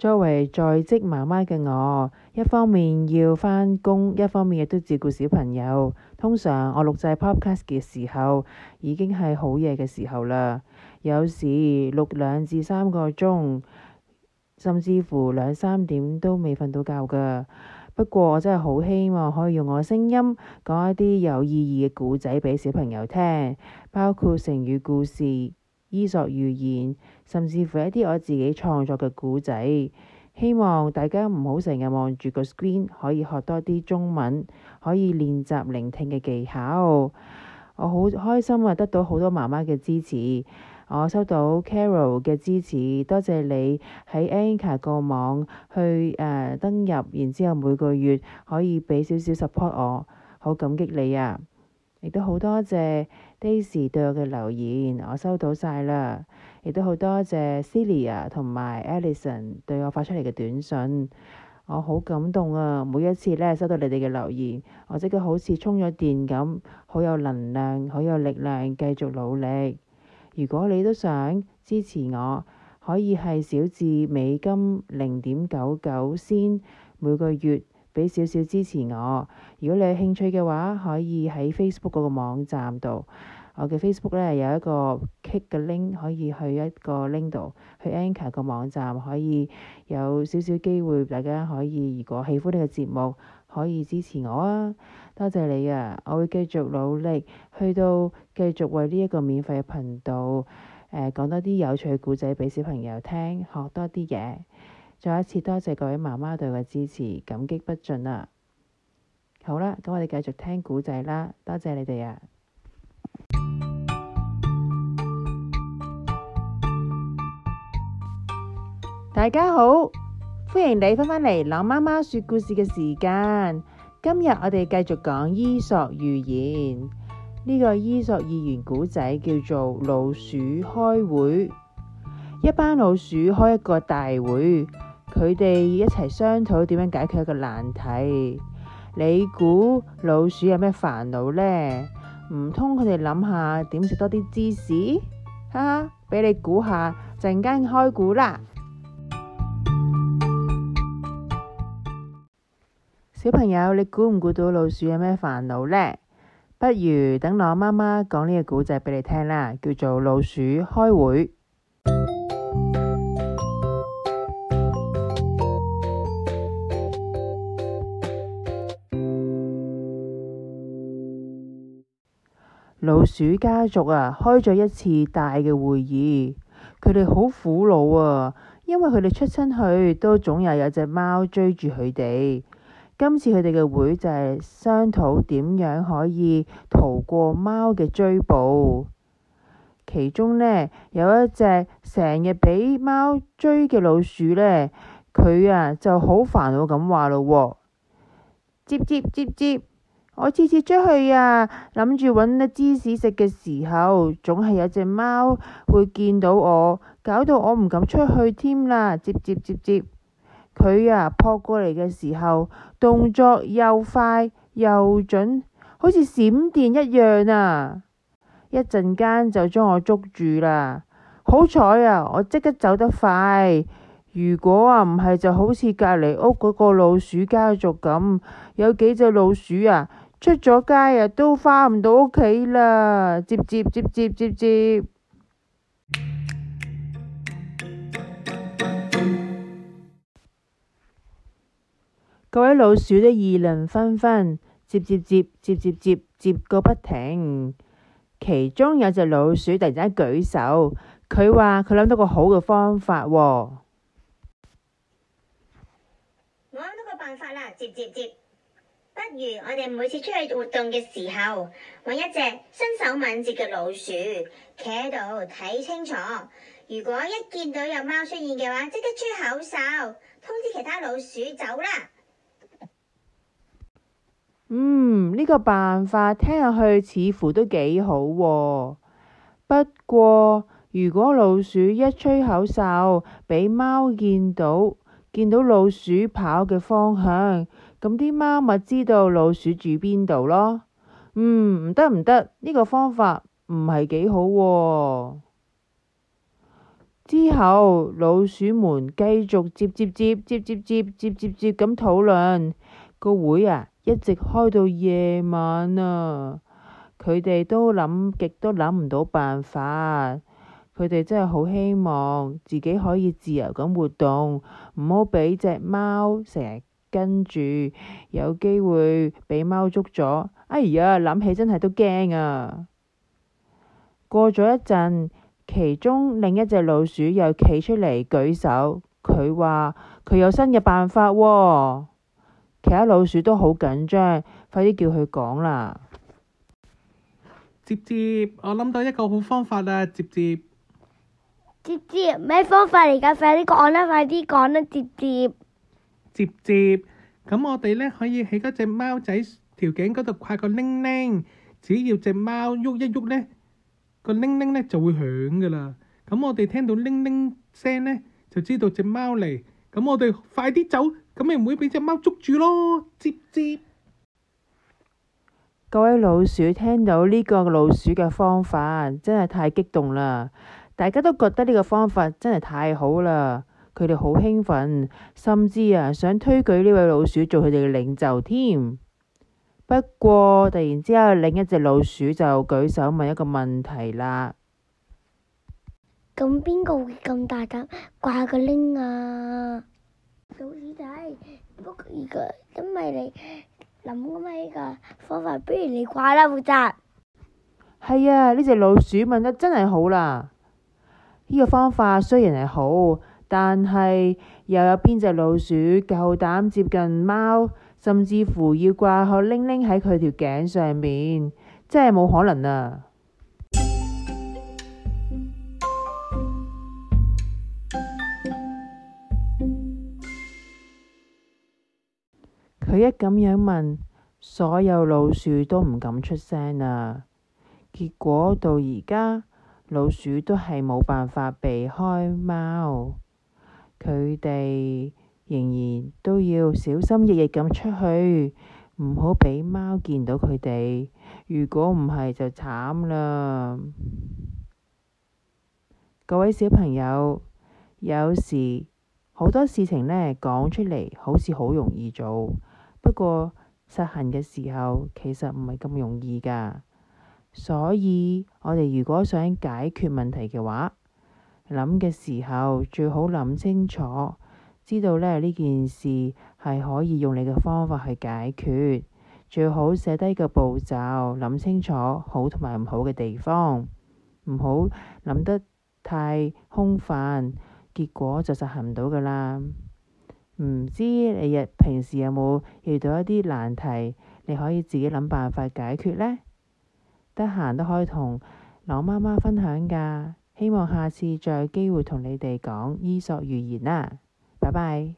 作為在職媽媽嘅我，一方面要返工，一方面亦都照顧小朋友。通常我錄製 Podcast 嘅時候，已經係好夜嘅時候啦。有時錄兩至三個鐘，甚至乎兩三點都未瞓到覺㗎。不過我真係好希望可以用我嘅聲音講一啲有意義嘅故仔畀小朋友聽，包括成語故事。伊索寓言，甚至乎一啲我自己創作嘅古仔，希望大家唔好成日望住個 screen，可以學多啲中文，可以練習聆聽嘅技巧。我好開心啊，得到好多媽媽嘅支持。我收到 Carol 嘅支持，多謝你喺 Anchor 個網去誒、呃、登入，然之後每個月可以俾少少 support 我，好感激你啊！亦都好多謝 Daisy 對我嘅留言，我收到曬啦。亦都好多謝 Celia 同埋 Alison 對我發出嚟嘅短信，我好感動啊！每一次咧，收到你哋嘅留言，我即刻好似充咗電咁，好有能量，好有力量，繼續努力。如果你都想支持我，可以係小至美金零點九九先每個月。俾少少支持我，如果你有興趣嘅話，可以喺 Facebook 嗰個網站度，我嘅 Facebook 咧有一個 kick 嘅 link 可以去一個 link 度，去 Anchor 個網站，可以有少少機會，大家可以如果喜歡呢個節目，可以支持我啊！多謝你啊，我會繼續努力，去到繼續為呢一個免費嘅頻道，誒、呃、講多啲有趣嘅故仔俾小朋友聽，學多啲嘢。再一次多謝各位媽媽對我嘅支持，感激不盡啊！好啦，咁我哋繼續聽古仔啦。多謝你哋啊！大家好，歡迎你返返嚟老媽媽說故事嘅時間。今日我哋繼續講伊索寓言。呢個伊索寓言古仔叫做《老鼠開會》。一班老鼠開一個大會。佢哋一齊商討點樣解決一個難題。你估老鼠有咩煩惱呢？唔通佢哋諗下點食多啲芝士？哈哈，俾你估下，陣間開估啦。 小朋友，你估唔估到老鼠有咩煩惱呢？不如等我媽媽講呢個故仔俾你聽啦，叫做《老鼠開會》。老鼠家族啊，開咗一次大嘅會議，佢哋好苦惱啊，因為佢哋出親去都總係有隻貓追住佢哋。今次佢哋嘅會就係商討點樣可以逃過貓嘅追捕。其中呢，有一隻成日俾貓追嘅老鼠呢，佢啊就好煩惱咁話咯，接接接接。我次次出去啊，諗住搵啲芝士食嘅時候，總係有隻貓會見到我，搞到我唔敢出去添啦。接接接接，佢啊撲過嚟嘅時候，動作又快又準，好似閃電一樣啊！一陣間就將我捉住啦。好彩啊，我即刻走得快。如果啊唔係，就好似隔籬屋嗰個老鼠家族咁，有幾隻老鼠啊！出咗街啊，都返唔到屋企喇。接接接接接接，各位老鼠都議論紛紛，接接接接接接接個不停。其中有隻老鼠突然間舉手，佢話佢諗到個好嘅方法。我諗到個辦法喇。」接接接。不如我哋每次出去活動嘅時候，搵一隻身手敏捷嘅老鼠企喺度睇清楚。如果一見到有貓出現嘅話，即刻吹口哨通知其他老鼠走啦。嗯，呢、這個辦法聽落去似乎都幾好，啊。不過如果老鼠一吹口哨，俾貓見到，見到老鼠跑嘅方向。咁啲貓咪知道老鼠住邊度咯？嗯，唔得唔得，呢個方法唔係幾好喎。之後老鼠們繼續接接接接接接接接接咁討論個會啊，一直開到夜晚啊。佢哋都諗極都諗唔到辦法。佢哋真係好希望自己可以自由咁活動，唔好俾隻貓成日。跟住有機會俾貓捉咗，哎呀諗起真係都驚啊！過咗一陣，其中另一隻老鼠又企出嚟舉手，佢話佢有新嘅辦法啊。其他老鼠都好緊張，快啲叫佢講啦！接接，我諗到一個好方法啦！接接，接接咩方法嚟㗎？快啲講啦！快啲講啦！接接。接接，咁我哋咧可以喺嗰隻貓仔條頸嗰度掛個鈴鈴，只要隻貓喐一喐咧，個鈴鈴咧就會響噶啦。咁我哋聽到鈴鈴聲咧，就知道隻貓嚟，咁我哋快啲走，咁咪唔會俾隻貓捉住咯。接接，各位老鼠聽到呢個老鼠嘅方法，真係太激動啦！大家都覺得呢個方法真係太好啦～佢哋好興奮，甚至啊想推舉呢位老鼠做佢哋嘅領袖添。不過突然之間，另一隻老鼠就舉手問一個問題啦：咁邊個會咁大膽掛個鈴啊？老鼠仔，不過而家，因為你諗嘅咩嘅方法，不如你掛啦，負責。係啊，呢隻老鼠問得真係好啦。呢個方法雖然係好。但係又有邊隻老鼠夠膽接近貓，甚至乎要掛好鈴鈴喺佢條頸上面，真係冇可能啊！佢 一咁樣問，所有老鼠都唔敢出聲啦，啊。結果到而家，老鼠都係冇辦法避開貓。佢哋仍然都要小心翼翼咁出去，唔好俾貓見到佢哋。如果唔係就慘啦。 各位小朋友，有時好多事情呢講出嚟，好似好容易做，不過實行嘅時候其實唔係咁容易噶。所以我哋如果想解決問題嘅話，諗嘅時候最好諗清楚，知道呢呢件事係可以用你嘅方法去解決，最好寫低個步驟，諗清楚好同埋唔好嘅地方，唔好諗得太空泛，結果就實行唔到噶啦。唔知你日平時有冇遇到一啲難題，你可以自己諗辦法解決呢？得閒都可以同老媽媽分享噶。希望下次再有機會同你哋講伊索寓言啦，拜拜。